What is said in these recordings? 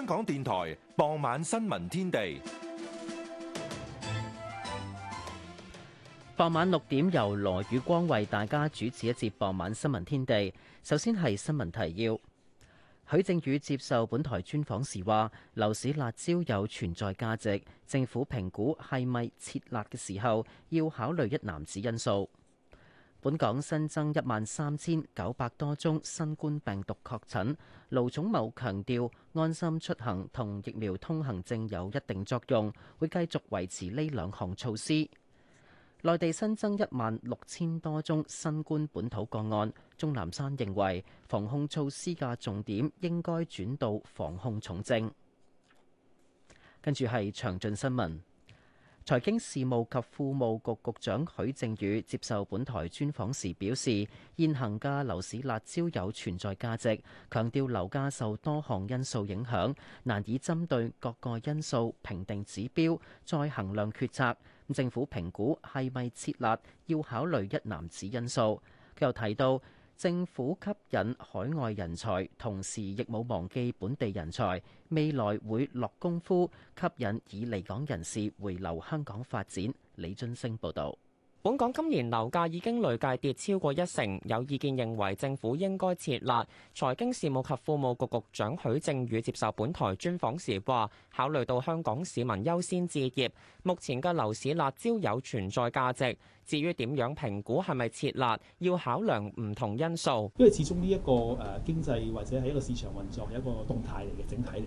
香港電台傍晚新聞天地，傍晚六點由羅宇光為大家主持一節傍晚新聞天地。首先係新聞提要，許正宇接受本台專訪時話，樓市辣椒有存在價值，政府評估係咪切辣嘅時候，要考慮一男子因素。本港新增一萬三千九百多宗新冠病毒確診，盧寵茂強調安心出行同疫苗通行證有一定作用，會繼續維持呢兩項措施。內地新增一萬六千多宗新冠本土個案，鍾南山認為防控措施嘅重點應該轉到防控重症。跟住係詳盡新聞。財經事務及庫務局局長許正宇接受本台專訪時表示，現行嘅樓市辣招有存在價值，強調樓價受多項因素影響，難以針對各個因素評定指標，再衡量決策。政府評估係咪撤辣，要考慮一籃子因素。佢又提到。政府吸引海外人才，同時亦冇忘記本地人才，未來會落功夫吸引已離港人士回流香港發展。李津星報道。本港今年樓價已經累計跌超過一成，有意見認為政府應該撤辣。財經事務及庫務局局長許正宇接受本台專訪時話，考慮到香港市民優先置業，目前嘅樓市辣招有存在價值。至於點樣評估係咪撤辣，要考量唔同因素。因為始終呢一個誒經濟或者係一個市場運作嘅一個動態嚟嘅整體嚟嘅，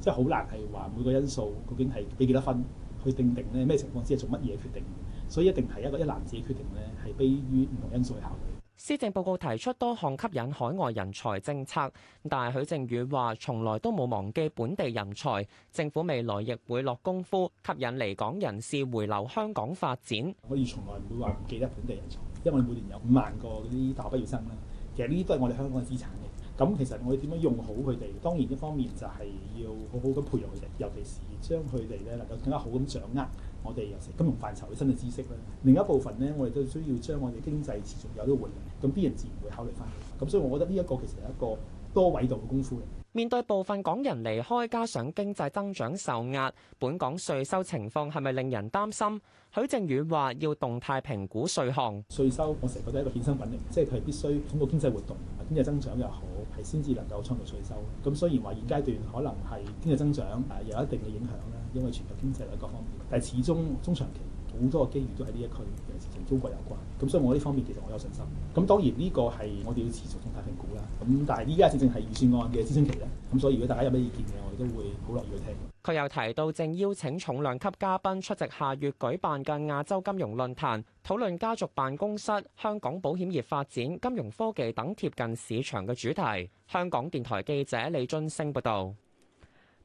即係好難係話每個因素究竟係俾幾多分去定定咧咩情況之下做乜嘢決定。所以一定係一個一攬子嘅決定咧，係基於唔同因素嚟考慮。施政報告提出多項吸引海外人才政策，但係許正宇話從來都冇忘記本地人才，政府未來亦會落功夫吸引離港人士回流香港發展。可以從來唔會話唔記得本地人才，因為我哋每年有五萬個嗰啲大學畢業生啦，其實呢啲都係我哋香港嘅資產嘅。咁其實我哋點樣用好佢哋？當然一方面就係要好好咁培育佢哋，尤其是將佢哋咧能夠更加好咁掌握我哋有時金融範疇嘅新嘅知識咧。另一部分咧，我哋都需要將我哋經濟持續有啲活力，咁啲人自然會考慮翻。咁所以我覺得呢一個其實係一個多維度嘅功夫。面對部分港人離開，加上經濟增長受壓，本港稅收情況係咪令人擔心？許正宇話：要動態評估稅項，稅收我成日覺得係一個衍生品嚟，即係佢係必須通過經濟活動、經濟增長又好，係先至能夠創造稅收。咁雖然話現階段可能係經濟增長誒有一定嘅影響啦，因為全球經濟啊各方面，但係始終中長期。好多嘅機遇都喺呢一區嘅事情同中國有關，咁所以我呢方面其實我有信心。咁當然呢個係我哋要持續通盤評估啦。咁但係依家只正係預算案嘅諮詢期啫。咁所以如果大家有咩意見嘅，我哋都會好樂意去聽。佢又提到正邀請重量級嘉賓出席下月舉辦嘅亞洲金融論壇討論家族辦公室、香港保險業發展、金融科技等貼近市場嘅主題，香港電台記者李俊盛報道。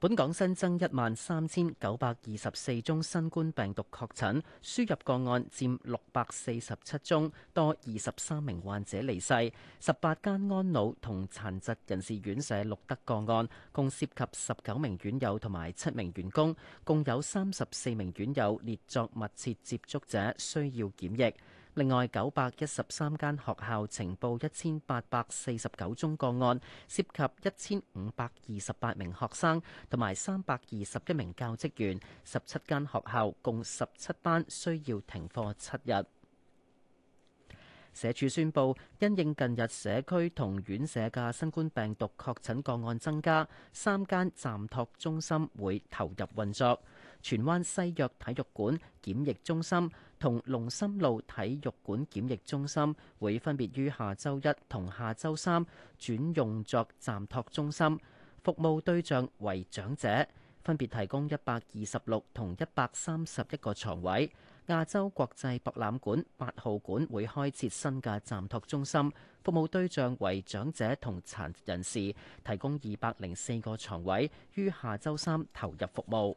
本港新增一萬三千九百二十四宗新冠病毒確診，輸入個案佔六百四十七宗，多二十三名患者離世。十八間安老同殘疾人士院舍錄得個案，共涉及十九名院友同埋七名員工，共有三十四名院友列作密切接觸者，需要檢疫。另外，九百一十三間學校呈報，一千八百四十九宗個案，涉及一千五百二十八名學生同埋三百二十一名教職員，十七間學校共十七班需要停課七日。社署宣布，因應近日社區同院舍嘅新冠病毒確診個案增加，三間暫託中心會投入運作。荃灣西約體育館檢疫中心同龍琛路體育館檢疫中心會分別於下週一同下週三轉用作暫托中心，服務對象為長者，分別提供一百二十六同一百三十一個床位。亞洲國際博覽館八號館會開設新嘅暫托中心，服務對象為長者同殘疾人士，提供二百零四個床位，於下週三投入服務。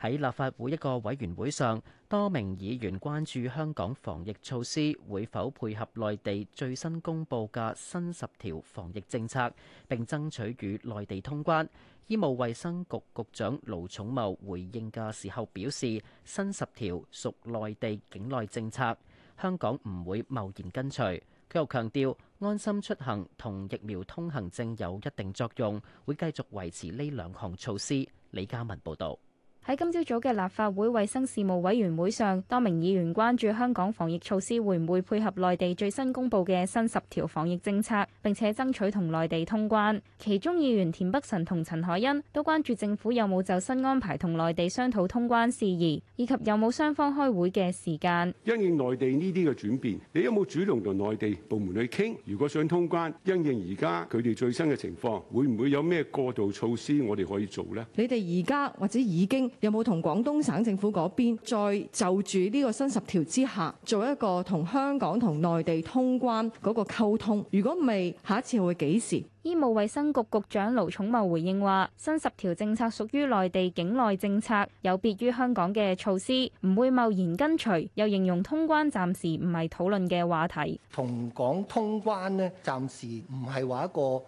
喺立法會一個委員會上，多名議員關注香港防疫措施會否配合內地最新公布嘅新十條防疫政策，並爭取與內地通關。醫務衛生局局長盧寵茂回應嘅時候表示，新十條屬內地境內政策，香港唔會貿然跟隨。佢又強調安心出行同疫苗通行證有一定作用，會繼續維持呢兩項措施。李嘉文報導。喺今朝早嘅立法會衛生事務委員會上，多名議員關注香港防疫措施會唔會配合內地最新公布嘅新十條防疫政策，並且爭取同內地通關。其中議員田北辰同陳海欣都關注政府有冇就新安排同內地商討通關事宜，以及有冇雙方開會嘅時間。因應內地呢啲嘅轉變，你有冇主動同內地部門去傾？如果想通關，因應而家佢哋最新嘅情況，會唔會有咩過渡措施我哋可以做呢？你哋而家或者已經有冇同廣東省政府嗰邊再就住呢個新十條之下，做一個同香港同內地通關嗰個溝通？如果未，下一次會幾時？醫務衛生局局長盧寵茂回應話，新十條政策屬於內地境內政策，有別於香港嘅措施，唔會貿然跟隨。又形容通關暫時唔係討論嘅話題，同講通關呢，暫時唔係話一個誒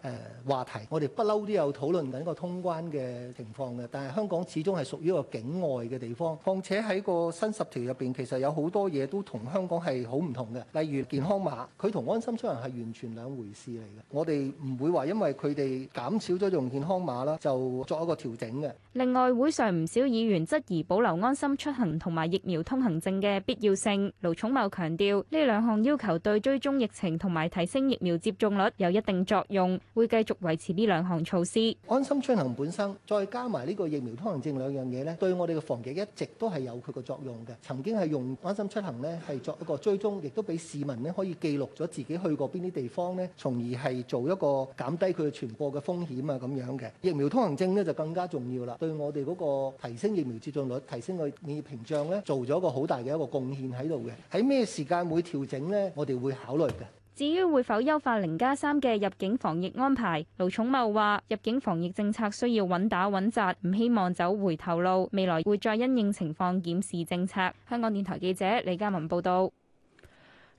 話題。我哋不嬲都有討論緊個通關嘅情況嘅，但係香港始終係屬於一個境外嘅地方。況且喺個新十條入邊，其實有好多嘢都同香港係好唔同嘅，例如健康碼，佢同安心出行係完全兩回事嚟嘅。我哋唔會話。因為佢哋減少咗用健康碼啦，就作一個調整嘅。另外，會上唔少議員質疑保留安心出行同埋疫苗通行證嘅必要性。盧寵茂強調，呢兩項要求對追蹤疫情同埋提升疫苗接種率有一定作用，會繼續維持呢兩項措施。安心出行本身，再加埋呢個疫苗通行證兩樣嘢呢，對我哋嘅防疫一直都係有佢嘅作用嘅。曾經係用安心出行呢，係作一個追蹤，亦都俾市民呢可以記錄咗自己去過邊啲地方呢，從而係做一個減。低佢嘅傳播嘅風險啊，咁樣嘅疫苗通行證呢，就更加重要啦。對我哋嗰個提升疫苗接種率、提升個免疫屏障咧，做咗一個好大嘅一個貢獻喺度嘅。喺咩時間會調整呢？我哋會考慮嘅。至於會否優化零加三嘅入境防疫安排？盧寵茂話：入境防疫政策需要穩打穩紮，唔希望走回頭路。未來會再因應情況檢視政策。香港電台記者李嘉文報道。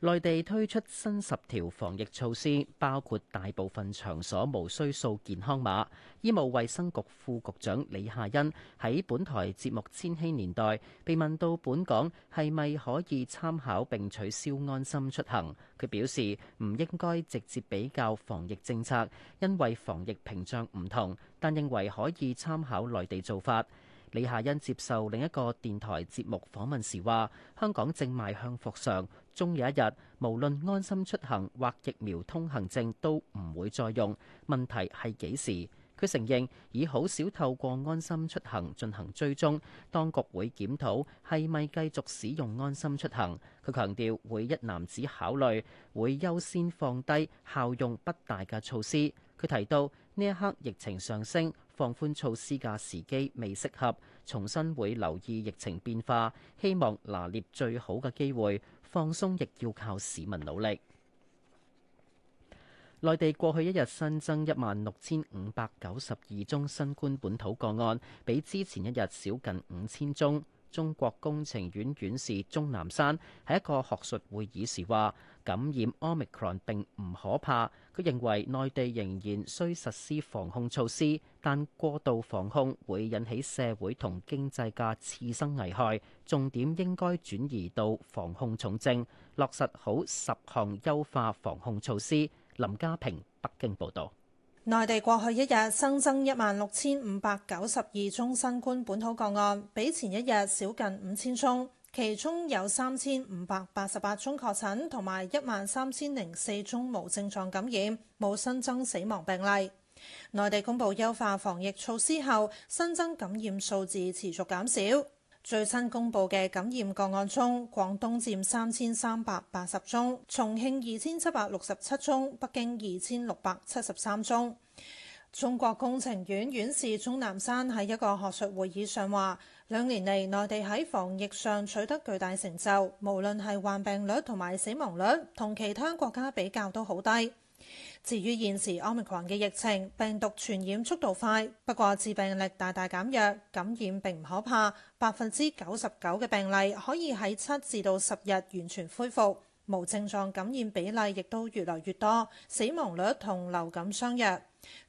內地推出新十條防疫措施，包括大部分場所無需掃健康碼。醫務衛生局副局長李夏茵喺本台節目《千禧年代》被問到本港係咪可以參考並取消安心出行，佢表示唔應該直接比較防疫政策，因為防疫屏障唔同，但認為可以參考內地做法。李夏茵接受另一個電台節目訪問時話：香港正邁向復常，終有一日，無論安心出行或疫苗通行證都唔會再用。問題係幾時？佢承認已好少透過安心出行進行追蹤，當局會檢討係咪繼續使用安心出行。佢強調會一籃子考慮，會優先放低效用不大嘅措施。佢提到呢一刻疫情上升。放寬措施嘅時機未適合，重新會留意疫情變化，希望拿捏最好嘅機會，放鬆亦要靠市民努力。內地過去一日新增一萬六千五百九十二宗新冠本土個案，比之前一日少近五千宗。中國工程院院士鍾南山喺一個學術會議時話，感染 Omicron 並唔可怕。佢認為內地仍然需實施防控措施，但過度防控會引起社會同經濟嘅次生危害。重點應該轉移到防控重症，落實好十項優化防控措施。林家平北京報道。內地過去一日新增一萬六千五百九十二宗新冠本土個案，比前一日少近五千宗，其中有三千五百八十八宗確診，同埋一萬三千零四宗無症狀感染，冇新增死亡病例。內地公布優化防疫措施後，新增感染數字持續減少。最新公布嘅感染個案中，廣東佔三千三百八十宗，重慶二千七百六十七宗，北京二千六百七十三宗。中國工程院院士鍾南山喺一個學術會議上話，兩年嚟內地喺防疫上取得巨大成就，無論係患病率同埋死亡率，同其他國家比較都好低。至於現時奧密克戎嘅疫情，病毒傳染速度快，不過致病力大大減弱，感染並唔可怕。百分之九十九嘅病例可以喺七至到十日完全恢復，無症狀感染比例亦都越嚟越多，死亡率同流感相若。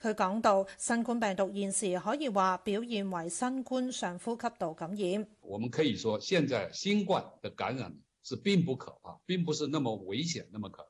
佢講到，新冠病毒現時可以話表現為新冠上呼吸道感染。我們可以說，現在新冠的感染是並不可怕，並不是那麼危險，那麼可怕。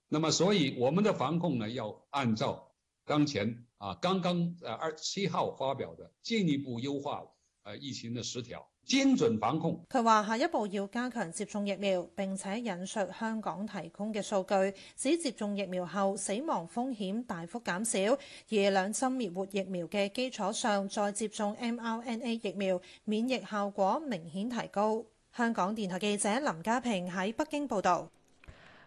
那麼所以我們的防控呢，要按照當前啊，剛剛呃二七號發表的進一步優化，誒疫情的十條精準防控。佢話下一步要加強接種疫苗，並且引述香港提供嘅數據，指接種疫苗後死亡風險大幅減少，而兩針滅活疫苗嘅基礎上再接種 mRNA 疫苗，免疫效果明顯提高。香港電台記者林家平喺北京報道。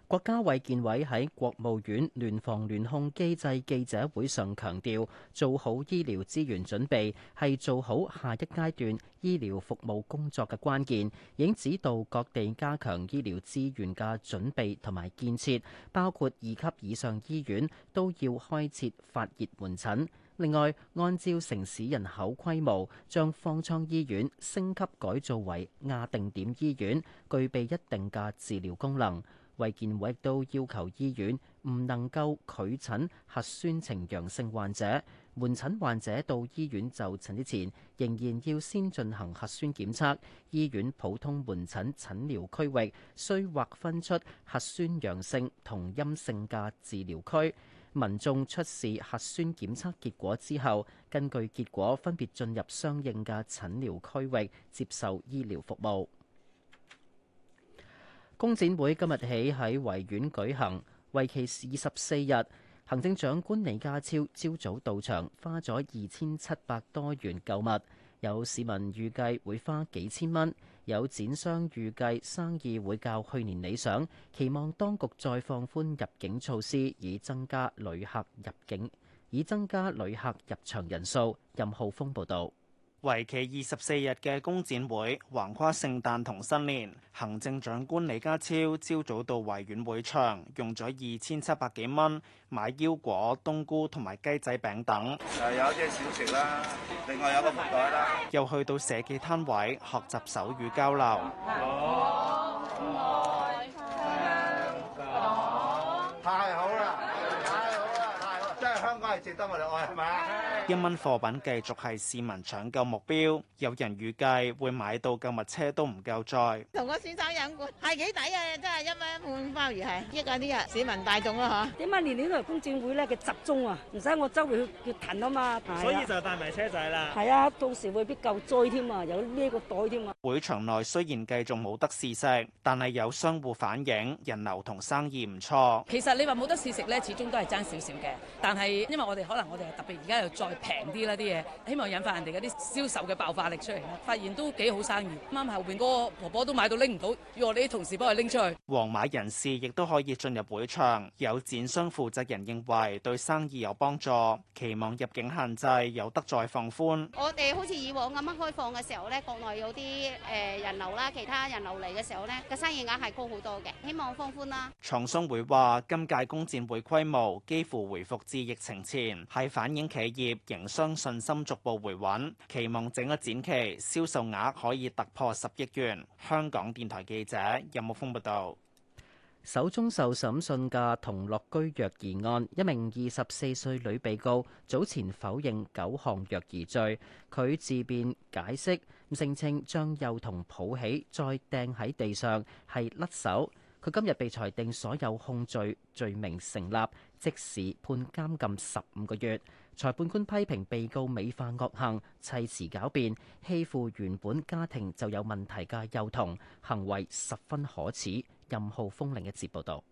國家衛健委喺國務院聯防聯控機制記者會上強調，做好醫療資源準備係做好下一階段醫療服務工作嘅關鍵，已經指導各地加強醫療資源嘅準備同埋建設，包括二級以上醫院都要開設發熱門診。另外，按照城市人口規模，將方艙醫院升級改造為亞定點醫院，具備一定嘅治療功能。衛健委都要求醫院唔能夠拒診核酸呈陽性患者，門診患者到醫院就診之前，仍然要先進行核酸檢測。醫院普通門診診療區域需劃分出核酸陽性同陰性嘅治療區。民眾出示核酸檢測結果之後，根據結果分別進入相應嘅診療區域，接受醫療服務。工展會今日起喺維園舉行，為期二十四日。行政長官李家超朝早到場，花咗二千七百多元購物。有市民預計會花幾千蚊。有展商預計生意會較去年理想，期望當局再放寬入境措施，以增加旅客入境，以增加旅客入場人數。任浩峰報道。為期二十四日嘅工展會橫跨聖誕同新年，行政長官李家超朝早到維園會場，用咗二千七百幾蚊買腰果、冬菇同埋雞仔餅等。有啲嘢小食啦，另外有個布袋啦。又去到社企攤位學習手語交流。講，哦哦哦，太好啦！太好啦！太好！真係香港係值得我哋愛，係咪？一蚊貨品繼續係市民搶購目標，有人預計會買到購物車都唔夠載。同個選手飲過係幾抵嘅，即係一蚊半鮑魚係益曬啲人。市民大眾咯嚇。點解年年都嚟工展會咧？佢集中啊，唔使我周圍去去騰啊嘛。所以就帶埋車仔啦。係啊，到時未必夠載添啊，有孭個袋添啊。會場內雖然繼續冇得試食，但係有商戶反映人流同生意唔錯。其實你話冇得試食咧，始終都係爭少少嘅。但係因為我哋可能我哋特別而家又再。平啲啦啲嘢，希望引發人哋嗰啲銷售嘅爆發力出嚟啦。發現都幾好生意，啱後邊嗰個婆婆都買到拎唔到，要我哋啲同事幫佢拎出去。黃碼人士亦都可以進入會場。有展商負責人認為對生意有幫助，期望入境限制有得再放寬。我哋好似以往咁樣開放嘅時候呢，國內有啲誒人流啦，其他人流嚟嘅時候呢個生意額係高好多嘅，希望放寬啦。廠商會話：今屆工展會規模幾乎回復至疫情前，係反映企業。營商信心逐步回穩，期望整個展期銷售額可以突破十億元。香港電台記者任木峰報道。首宗受審訊嘅同樂居虐兒案，一名二十四歲女被告早前否認九項虐兒罪，佢自辯解釋，聲稱將幼童抱起再掟喺地上係甩手。佢今日被裁定所有控罪罪名成立，即時判監禁十五個月。裁判官批評被告美化惡行、砌詞狡辯，欺負原本家庭就有問題嘅幼童，行為十分可恥，任浩峰另一節報道。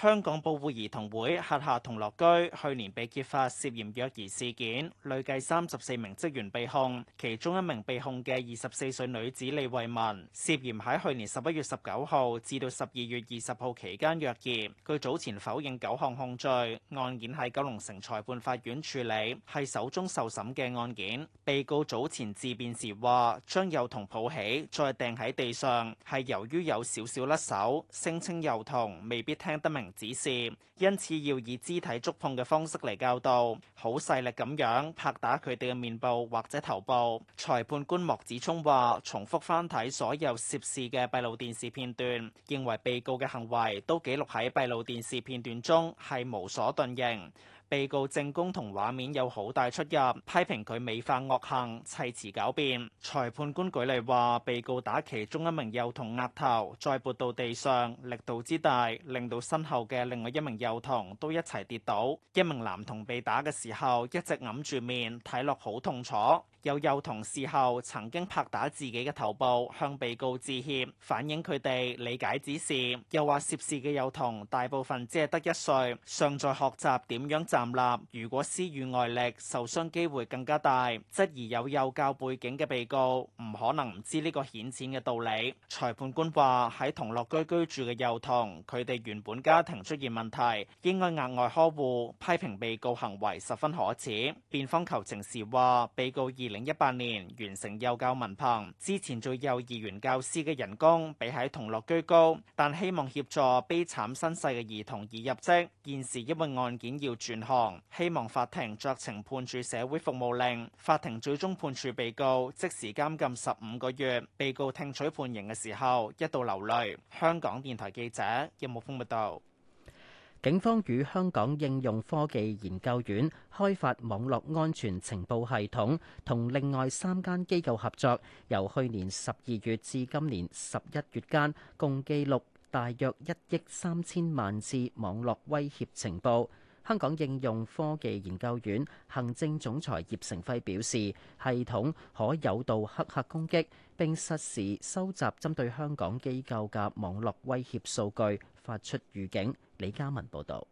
香港保護兒童會轄下童樂居去年被揭發涉嫌虐兒事件，累計三十四名職員被控，其中一名被控嘅二十四歲女子李慧文涉嫌喺去年十一月十九號至到十二月二十號期間虐兒。佢早前否認九項控罪，案件喺九龍城裁判法院處理，係首宗受審嘅案件。被告早前自辯時話，將幼童抱起再掟喺地上，係由於有少少甩手，聲稱幼童未必聽得明。指示，因此要以肢體觸碰嘅方式嚟教導，好細力咁樣拍打佢哋嘅面部或者頭部。裁判官莫子聰話，重複翻睇所有涉事嘅閉路電視片段，認為被告嘅行為都記錄喺閉路電視片段中，係無所遁形。被告證供同畫面有好大出入，批評佢美化惡行，砌詞狡辯。裁判官舉例話，被告打其中一名幼童額頭，再撥到地上，力度之大，令到身後嘅另外一名幼童都一齊跌倒。一名男童被打嘅時候，一直揞住面，睇落好痛楚。有幼童事後曾經拍打自己嘅頭部向被告致歉，反映佢哋理解指示。又話涉事嘅幼童大部分只係得一歲，尚在學習點樣站立，如果施予外力，受傷機會更加大。質疑有幼教背景嘅被告唔可能唔知呢個顯淺嘅道理。裁判官話：喺同樂居居住嘅幼童，佢哋原本家庭出現問題，應該額外呵護。批評被告行為十分可恥。辯方求情時話：被告已二零一八年完成幼教文憑，之前做幼兒園教師嘅人工比喺同樂居高，但希望協助悲慘身世嘅兒童而入職。現時因為案件要轉行，希望法庭酌情判處社會服務令。法庭最終判處被告即時監禁十五個月。被告聽取判刑嘅時候一度流淚。香港電台記者葉木峰報道。警方與香港應用科技研究院開發網絡安全情報系統，同另外三間機構合作，由去年十二月至今年十一月間，共記錄大約一億三千萬次網絡威脅情報。香港應用科技研究院行政總裁葉成輝表示，系統可有道黑客攻擊，並實時收集針對香港機構嘅網絡威脅數據。發出預警。李嘉文報道，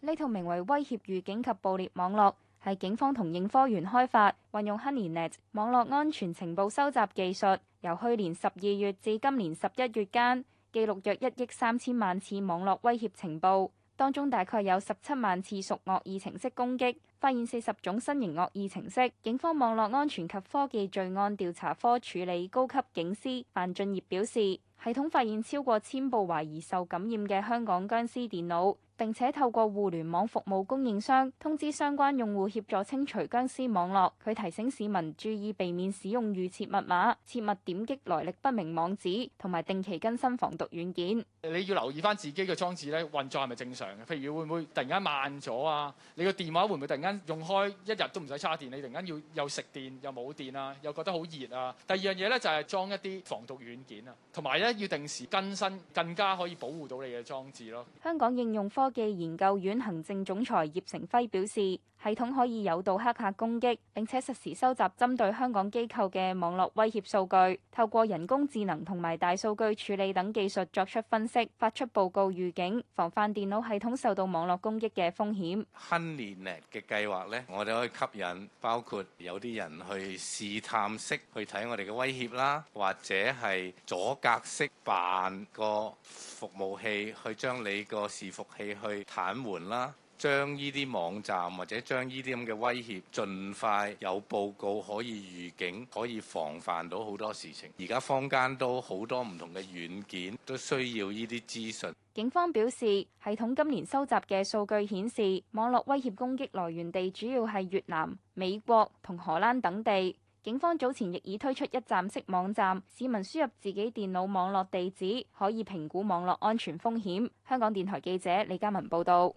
呢套名為《威脅預警及暴裂網絡》係警方同應科員開發，運用 HoneyNet 網絡安全情報收集技術，由去年十二月至今年十一月間記錄約一億三千萬次網絡威脅情報。當中大概有十七萬次屬惡意程式攻擊，發現四十種新型惡意程式。警方網絡安全及科技罪案調查科處理高級警司范俊業表示，系統發現超過千部懷疑受感染嘅香港僵屍電腦，並且透過互聯網服務供應商通知相關用戶協助清除僵屍網絡。佢提醒市民注意避免使用預設密碼、切勿點擊來歷不明網址，同埋定期更新防毒軟件。你要留意翻自己嘅裝置咧運作係咪正常嘅？譬如會唔會突然間慢咗啊？你個電話會唔會突然間用開一日都唔使插電？你突然間要又食電又冇電啊，又覺得好熱啊？第二樣嘢咧就係裝一啲防毒軟件啊，同埋咧要定時更新，更加可以保護到你嘅裝置咯。香港應用科技研究院行政總裁葉成輝表示，系統可以誘導黑客攻擊，並且實時收集針對香港機構嘅網絡威脅數據，透過人工智能同埋大數據處理等技術作出分析。發出報告預警，防範電腦系統受到網絡攻擊嘅風險。HoneyNet 嘅計劃咧，我哋可以吸引包括有啲人去試探式去睇我哋嘅威脅啦，或者係阻隔式扮個服務器去將你個伺服器去癱瘓啦。將呢啲網站或者將呢啲咁嘅威脅，盡快有報告可以預警，可以防範到好多事情。而家坊間都好多唔同嘅軟件都需要呢啲資訊。警方表示，系統今年收集嘅數據顯示，網絡威脅攻擊來源地主要係越南、美國同荷蘭等地。警方早前亦已推出一站式網站，市民輸入自己電腦網絡地址，可以評估網絡安全風險。香港電台記者李嘉文報導。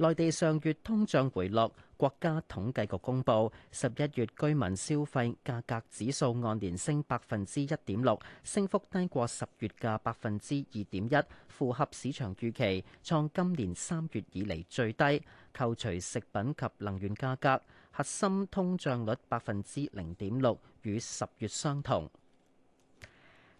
內地上月通脹回落，國家統計局公布十一月居民消費價格指數按年升百分之一點六，升幅低過十月嘅百分之二點一，符合市場預期，創今年三月以嚟最低。扣除食品及能源價格，核心通脹率百分之零點六，與十月相同。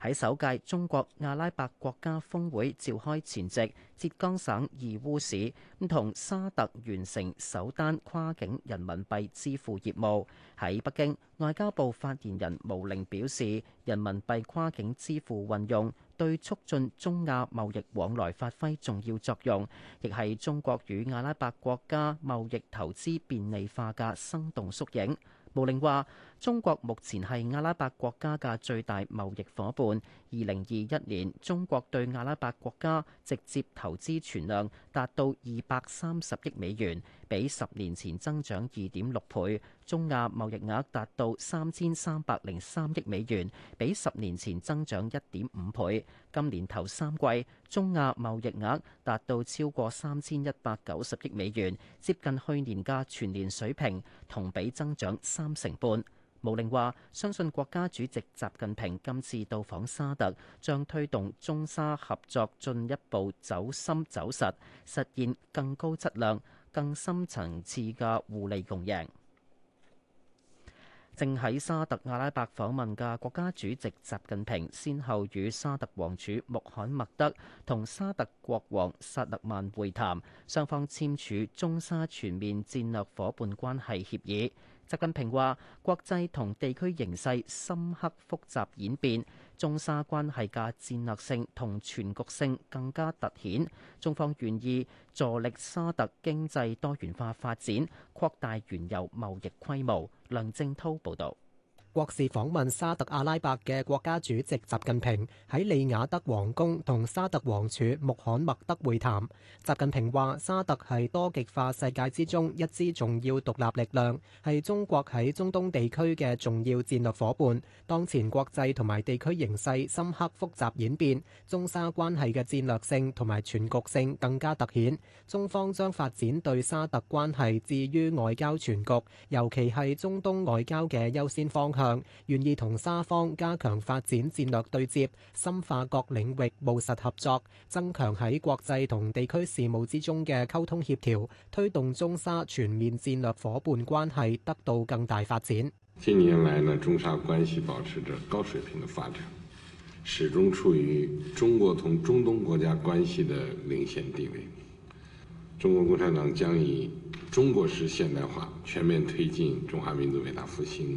喺首屆中國阿拉伯國家峰會召開前夕，浙江省義烏市唔同沙特完成首單跨境人民幣支付業務。喺北京，外交部發言人毛寧表示，人民幣跨境支付運用對促進中亞貿易往來發揮重要作用，亦係中國與阿拉伯國家貿易投資便利化嘅生動縮影。毛寧話。中國目前係阿拉伯國家嘅最大貿易夥伴。二零二一年，中國對阿拉伯國家直接投資存量達到二百三十億美元，比十年前增長二點六倍。中亞貿易額達到三千三百零三億美元，比十年前增長一點五倍。今年頭三季，中亞貿易額達到超過三千一百九十億美元，接近去年嘅全年水平，同比增長三成半。毛寧話：相信國家主席習近平今次到訪沙特，將推動中沙合作進一步走深走實，實現更高質量、更深層次嘅互利共贏。正喺沙特阿拉伯訪問嘅國家主席習近平，先後與沙特王儲穆罕默德同沙特國王薩勒曼會談，雙方簽署中沙全面戰略夥伴關係協議。習近平話：國際同地區形勢深刻複雜演變，中沙關係嘅戰略性同全局性更加突顯。中方願意助力沙特經濟多元化發展，擴大原油貿易規模。梁正滔報導。國事訪問沙特阿拉伯嘅國家主席習近平喺利雅德王宮同沙特王儲穆罕默德會談。習近平話：沙特係多極化世界之中一支重要獨立力量，係中國喺中東地區嘅重要戰略伙伴。當前國際同埋地區形勢深刻複雜演變，中沙關係嘅戰略性同埋全局性更加突顯。中方將發展對沙特關係置於外交全局，尤其係中東外交嘅優先方向。願意同沙方加強發展戰略對接，深化各領域務實合作，增強喺國際同地區事務之中嘅溝通協調，推動中沙全面戰略夥伴關係得到更大發展。近年來呢，呢中沙關係保持着高水平嘅發展，始終處於中國同中東國家關係的領先地位。中國共產黨將以中國式現代化全面推進中華民族偉大復興。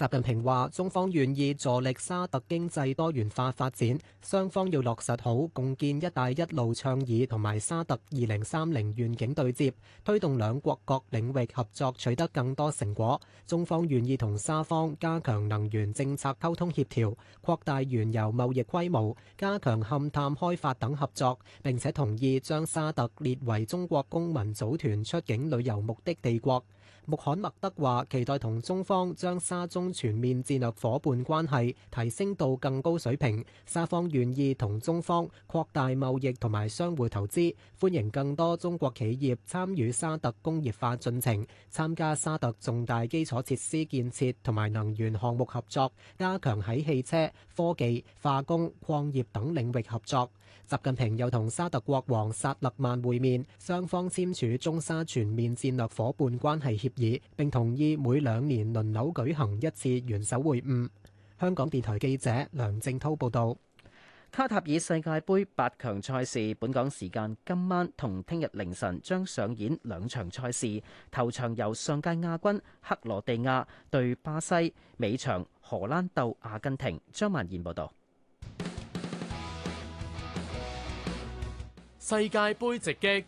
習近平話：中方願意助力沙特經濟多元化發展，雙方要落實好共建“一帶一路”倡議同埋沙特“二零三零願景”對接，推動兩國各領域合作取得更多成果。中方願意同沙方加強能源政策溝通協調，擴大原油貿易規模，加強勘探開發等合作，並且同意將沙特列為中國公民組團出境旅遊目的地國。穆罕默德話，期待同中方將沙中全面戰略夥伴關係提升到更高水平。沙方願意同中方擴大貿易同埋相互投資，歡迎更多中國企業參與沙特工業化進程，參加沙特重大基礎設施建設同埋能源項目合作，加強喺汽車、科技、化工、礦業等領域合作。習近平又同沙特國王薩勒曼會面，雙方簽署中沙全面戰略伙伴關係協議，並同意每兩年輪流舉行一次元首會晤。香港電台記者梁正濤報道。卡塔爾世界杯八強賽事，本港時間今晚同聽日凌晨將上演兩場賽事，頭場由上屆亞軍克羅地亞對巴西，尾場荷蘭鬥阿根廷。張曼燕報道。世界杯直擊。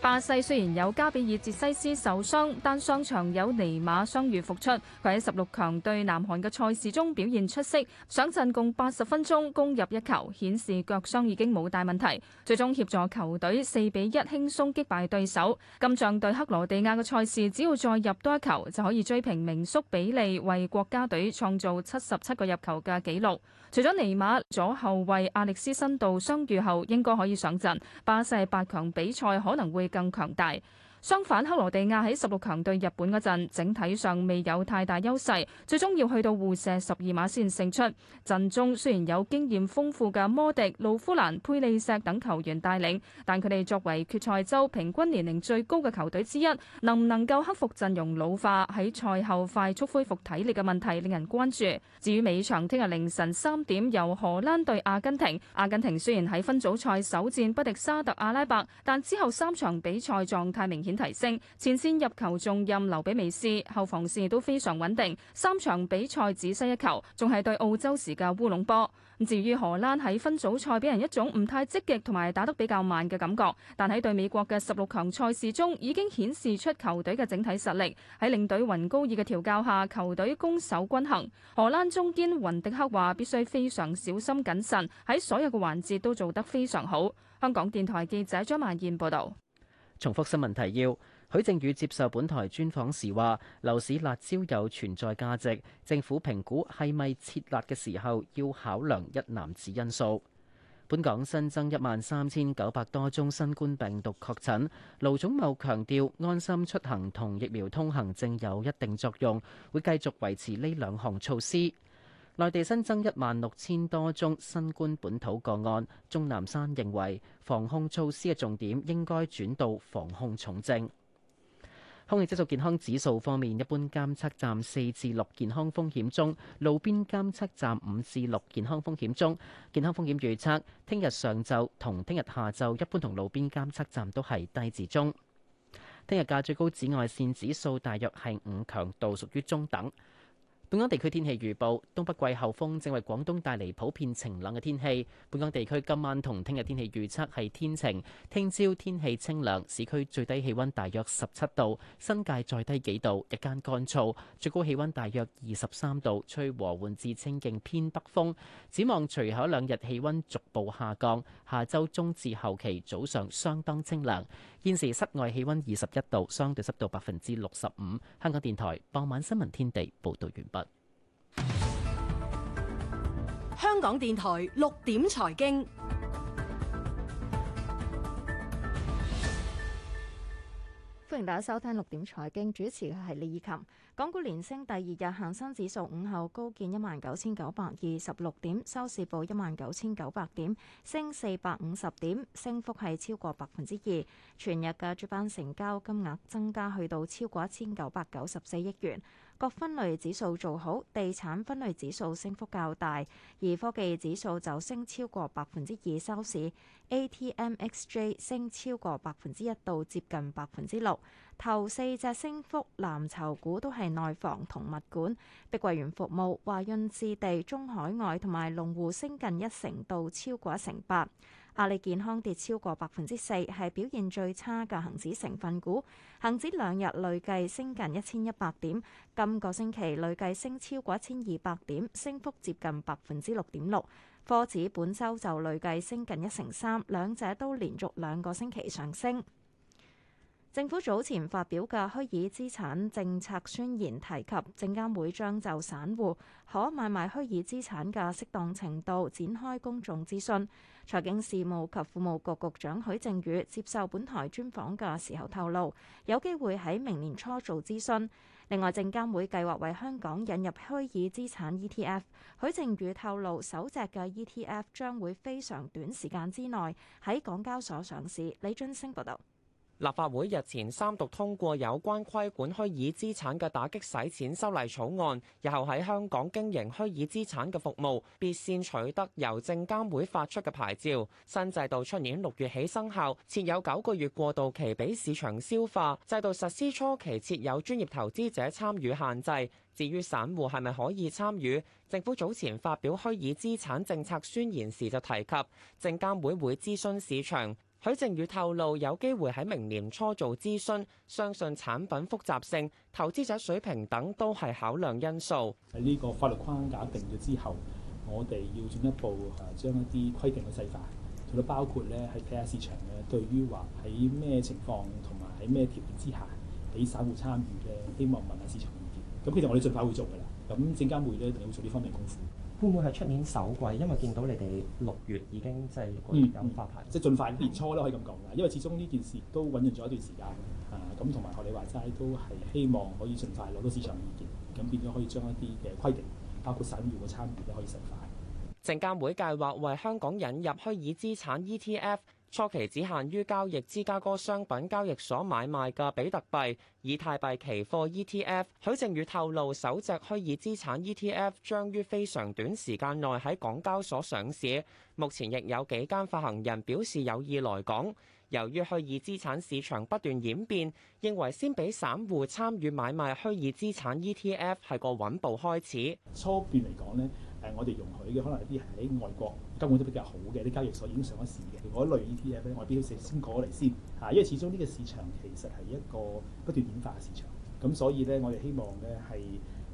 巴西雖然有加比爾哲西斯受傷，但上場有尼馬傷愈復出，佢喺十六強對南韓嘅賽事中表現出色，上陣共八十分鐘攻入一球，顯示腳傷已經冇大問題。最終協助球隊四比一輕鬆擊敗對手。今仗對克羅地亞嘅賽事，只要再入多一球就可以追平名宿比利為國家隊創造七十七個入球嘅紀錄。除咗尼馬，左後衛阿力斯辛度傷愈後應該可以上陣，巴西八強比賽可能會。更強大。相反，克羅地亞喺十六強對日本嗰陣，整體上未有太大優勢，最終要去到互射十二碼先勝出。陣中雖然有經驗豐富嘅摩迪、魯夫蘭、佩利錫等球員帶領，但佢哋作為決賽周平均年齡最高嘅球隊之一，能唔能夠克服陣容老化喺賽後快速恢復體力嘅問題，令人關注。至於尾場，聽日凌晨三點由荷蘭對阿根廷。阿根廷雖然喺分組賽首戰不敵沙特阿拉伯，但之後三場比賽狀態明顯。提升前線入球重任，留俾美斯。後防線都非常穩定，三場比賽只失一球，仲係對澳洲時嘅烏龍波。至於荷蘭喺分組賽俾人一種唔太積極同埋打得比較慢嘅感覺，但喺對美國嘅十六強賽事中，已經顯示出球隊嘅整體實力。喺領隊雲高爾嘅調教下，球隊攻守均衡。荷蘭中堅雲迪克話：必須非常小心謹慎，喺所有嘅環節都做得非常好。香港電台記者張曼燕報道。重複新聞提要：許正宇接受本台專訪時話，樓市辣招有存在價值，政府評估係咪撤辣嘅時候要考量一籃子因素。本港新增一萬三千九百多宗新冠病毒確診，盧寵茂強調安心出行同疫苗通行證有一定作用，會繼續維持呢兩項措施。內地新增一萬六千多宗新冠本土個案，鍾南山認為防控措施嘅重點應該轉到防控重症。空氣質素健康指數方面，一般監測站四至六健康風險中，路邊監測站五至六健康風險中。健康風險預測，聽日上晝同聽日下晝，一般同路邊監測站都係低至中。聽日嘅最高紫外線指數大約係五，強度屬於中等。本港地區天氣預報：東北季候風正為廣東帶嚟普遍晴冷嘅天氣。本港地區今晚同聽日天氣預測係天晴，聽朝天氣清涼，市區最低氣温大約十七度，新界再低幾度，日間乾燥，最高氣温大約二十三度，吹和緩至清勁偏北風。展望隨後兩日氣温逐步下降，下周中至後期早上相當清涼。現時室外氣溫二十一度，相對濕度百分之六十五。香港電台傍晚新聞天地報道完畢。香港電台六點財經。歡迎大家收聽六點財經，主持嘅係李綺琴。港股連升第二日，恒生指數午後高見一萬九千九百二十六點，收市報一萬九千九百點，升四百五十點，升幅係超過百分之二。全日嘅主板成交金額增加去到超過一千九百九十四億元。各分類指數做好，地產分類指數升幅較大，而科技指數就升超過百分之二收市。ATMXJ 升超過百分之一到接近百分之六。頭四隻升幅藍籌股都係內房同物管，碧桂園服務、華潤置地、中海外同埋龍湖升近一成到超過一成八。阿里健康跌超過百分之四，係表現最差嘅恒指成分股。恒指兩日累計升近一千一百點，今個星期累計升超過一千二百點，升幅接近百分之六點六。科指本周就累計升近一成三，兩者都連續兩個星期上升。政府早前發表嘅虛擬資產政策宣言提及，證監會將就散戶可買賣虛擬資產嘅適當程度展開公眾諮詢。財經事務及庫務局局長許正宇接受本台專訪嘅時候透露，有機會喺明年初做諮詢。另外，證監會計劃為香港引入虛擬資產 ETF。許正宇透露，首隻嘅 ETF 將會非常短時間之內喺港交所上市。李俊升報道。立法會日前三讀通過有關規管虛擬資產嘅打擊洗錢修例草案，日後喺香港經營虛擬資產嘅服務，必先取得由證監會發出嘅牌照。新制度出年六月起生效，設有九個月過渡期俾市場消化。制度實施初期設有專業投資者參與限制，至於散戶係咪可以參與？政府早前發表虛擬資產政策宣言時就提及，證監會會諮詢市場。許正宇透露有機會喺明年初做諮詢，相信產品複雜性、投資者水平等都係考量因素。喺呢個法律框架定咗之後，我哋要進一步誒將一啲規定嘅細化，咁都包括咧，喺睇下市場嘅對於話喺咩情況同埋喺咩條件之下，喺散戶參與嘅希望問下市場意見。咁其實我哋盡快會做㗎啦。咁證監會咧定會做呢方面嘅功夫。會唔會係出年首季？因為見到你哋六月已經即係有發牌，即係、嗯嗯就是、盡快年初都可以咁講啦。因為始終呢件事都醞釀咗一段時間，啊咁同埋學你話齋都係希望可以盡快攞到市場意見，咁變咗可以將一啲嘅規定，包括散戶嘅參與都可以成快。證監會計劃為香港引入虛擬資產 ETF。初期只限於交易芝加哥商品交易所買賣嘅比特幣、以太幣期貨 ETF。許正宇透露，首隻虛擬資產 ETF 將於非常短時間內喺港交所上市。目前亦有幾間發行人表示有意來港。由於虛擬資產市場不斷演變，認為先俾散戶參與買賣虛擬資產 ETF 係個穩步開始。初段嚟講咧。誒、啊，我哋容許嘅可能有啲係喺外國根本都比較好嘅啲交易所已經上咗市嘅，另外一類呢啲嘢咧，我哋先過先講嚟先嚇，因為始終呢個市場其實係一個不斷演化嘅市場，咁所以咧，我哋希望咧係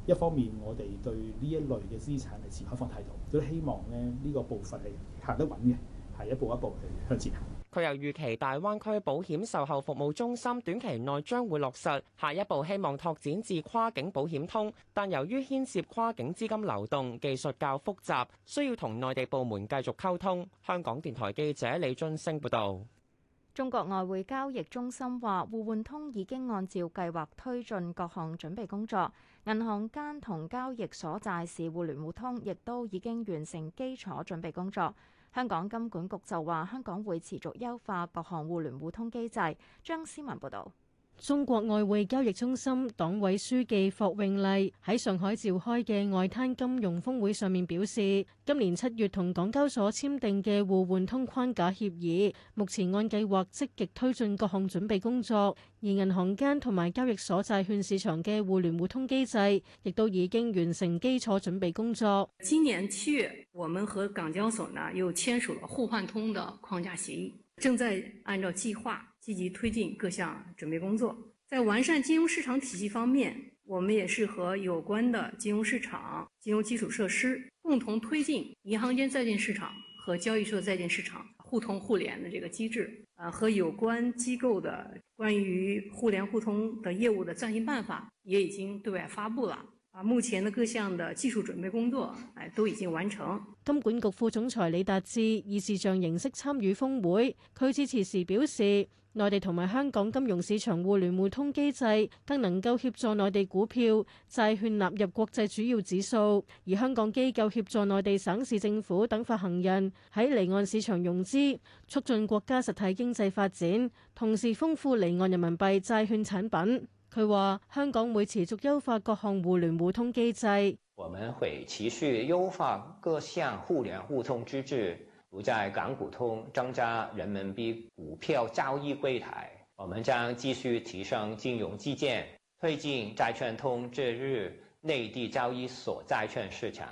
一方面我哋對呢一類嘅資產係持開放態度，都希望咧呢、呢個步伐係行得穩嘅，係一步一步嚟向前。行。佢又預期大灣區保險售後服務中心短期內將會落實，下一步希望拓展至跨境保險通，但由於牽涉跨境資金流動，技術較複雜，需要同內地部門繼續溝通。香港電台記者李津升報道：「中國外匯交易中心話，互換通已經按照計劃推進各項準備工作，銀行間同交易所債市互聯互通亦都已經完成基礎準備工作。香港金管局就話，香港會持續優化各項互聯互通機制。張思文報道。中國外匯交易中心黨委書記霍永麗喺上海召開嘅外灘金融峰會上面表示，今年七月同港交所簽訂嘅互換通框架協議，目前按計劃積極推進各項準備工作，而銀行間同埋交易所債券市場嘅互聯互通機制，亦都已經完成基礎準備工作。今年七月，我們和港交所呢又簽署了互換通的框架協議，正在按照計劃，積極推進各項準備工作，在完善金融市場體系方面，我們也是和有關的金融市場、金融基礎設施共同推進銀行間債券市場和交易所債券市場互通互聯的這個機制。呃、啊，和有關機構的關於互聯互通的業務的暫行辦法也已經對外發布了。啊，目前的各項的技術準備工作，哎、啊，都已經完成。金管局副總裁李達志以視像形式參與峰會，佢致辭時表示。內地同埋香港金融市場互聯互通機制，更能夠協助內地股票、債券納入國際主要指數，而香港機構協助內地省市政府等發行人喺離岸市場融資，促進國家實體經濟發展，同時豐富離岸人民幣債券產品。佢話：香港會持續優化各項互聯互通機制。我們會持續優化各項互聯互通機制。如在港股通增加人民幣股票交易櫃台，我們將繼續提升金融基建，推進債券通接入內地交易所債券市場，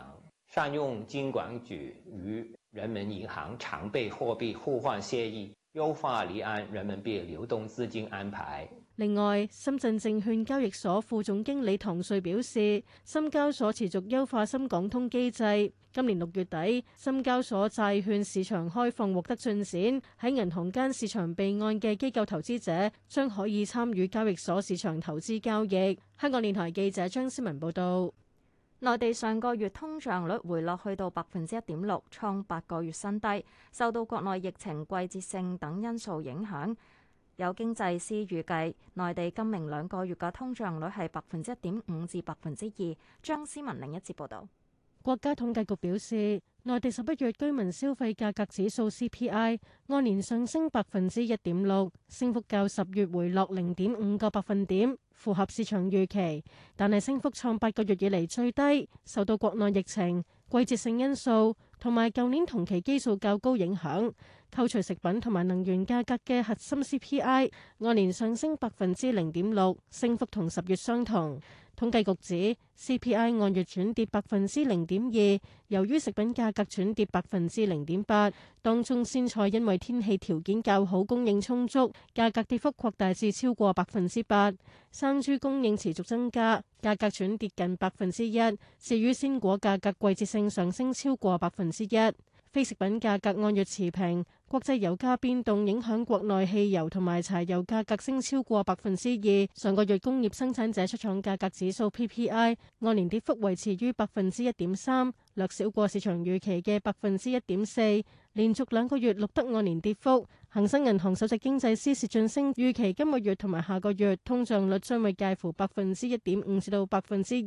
善用金管局與人民銀行常備貨幣互換協議，優化離岸人民幣流動資金安排。另外，深圳證券交易所副總經理唐瑞表示，深交所持續優化深港通機制。今年六月底，深交所債券市場開放獲得進展，喺銀行間市場備案嘅機構投資者將可以參與交易所市場投資交易。香港電台記者張思文報道，內地上個月通脹率回落去到百分之一點六，創八個月新低，受到國內疫情、季節性等因素影響。有經濟師預計，內地今明兩個月嘅通脹率係百分之一點五至百分之二。張思文另一節報導，國家統計局表示，內地十一月居民消費價格指數 CPI 按年上升百分之一點六，升幅較十月回落零點五個百分點，符合市場預期，但係升幅創八個月以嚟最低，受到國內疫情、季節性因素，同埋舊年同期基數較高影響，扣除食品同埋能源價格嘅核心 CPI 按年上升百分之零點六，升幅同十月相同。統計局指 CPI 按月轉跌百分之零點二，由於食品價格轉跌百分之零點八，當中鮮菜因為天氣條件較好，供應充足，價格跌幅擴大至超過百分之八。生豬供應持續增加，價格轉跌近百分之一，至於鮮果價格季節性上升超過百分之一。非食品價格按月持平，國際油價變動影響國內汽油同埋柴油價格升超過百分之二。上個月工業生產者出廠價格指數 PPI 按年跌幅維持於百分之一點三，略少過市場預期嘅百分之一點四，連續兩個月錄得按年跌幅。恒生銀行首席經濟師薛俊升預期今個月同埋下個月通脹率將會介乎百分之一點五至到百分之二，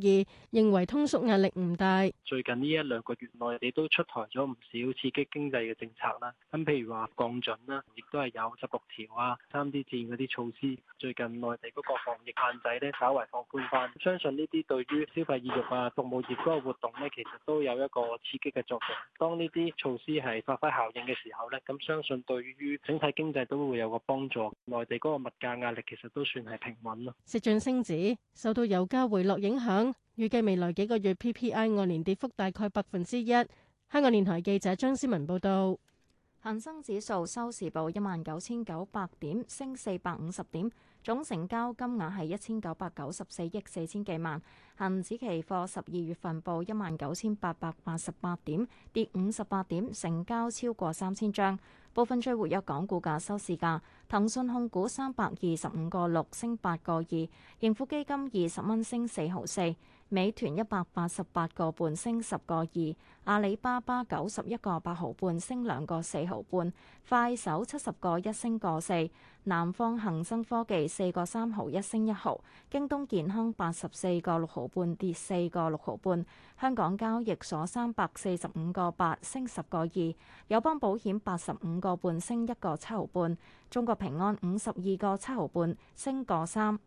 認為通縮壓力唔大。最近呢一兩個月內地都出台咗唔少刺激經濟嘅政策啦。咁譬如話降準啦，亦都係有十六條啊、三 D 戰嗰啲措施。最近內地嗰個防疫限制咧，稍為放寬翻，相信呢啲對於消費意欲啊、服務業嗰個活動咧，其實都有一個刺激嘅作用。當呢啲措施係發揮效應嘅時候咧，咁相信對於整整體經濟都會有個幫助，內地嗰個物價壓力其實都算係平穩咯。石俊升指，受到油價回落影響，預計未來幾個月 PPI 按年跌幅大概百分之一。香港電台記者張思文報道，恒生指數收市報一萬九千九百點，升四百五十點。總成交金額係一千九百九十四億四千幾萬。恒指期貨十二月份報一萬九千八百八十八點，跌五十八點，成交超過三千張。部分最活躍港股價收市價：騰訊控股三百二十五個六，升八個二；盈富基金二十蚊升四毫四；美團一百八十八個半升十個二；阿里巴巴九十一個八毫半升兩個四毫半；快手七十個一升個四。南方恒生科技四個三毫一升一毫，京東健康八十四個六毫半跌四個六毫半，香港交易所三百四十五個八升十個二，友邦保險八十五個半升一個七毫半，中國平安五十二個七毫半升個三，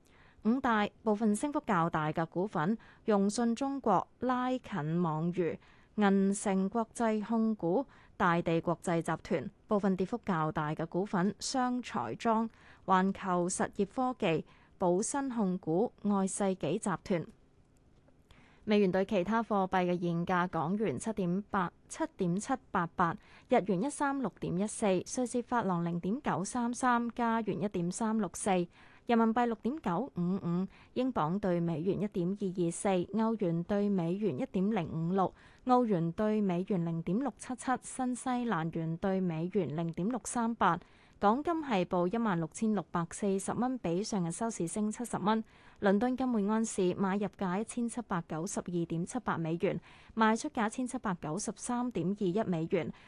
五大部分升幅較大嘅股份，融信中國拉近網娛，銀城國際控股。大地國際集團部分跌幅較大嘅股份：雙財莊、環球實業科技、寶新控股、愛世紀集團。美元對其他貨幣嘅現價：港元七點八七點七八八，日元一三六點一四，瑞士法郎零點九三三，加元一點三六四。人民幣六點九五五，英鎊對美元一點二二四，歐元對美元一點零五六，澳元對美元零點六七七，新西蘭元對美元零點六三八。港金係報一萬六千六百四十蚊，比上日收市升七十蚊。倫敦金每安士買入價一千七百九十二點七八美元，賣出價一千七百九十三點二一美元。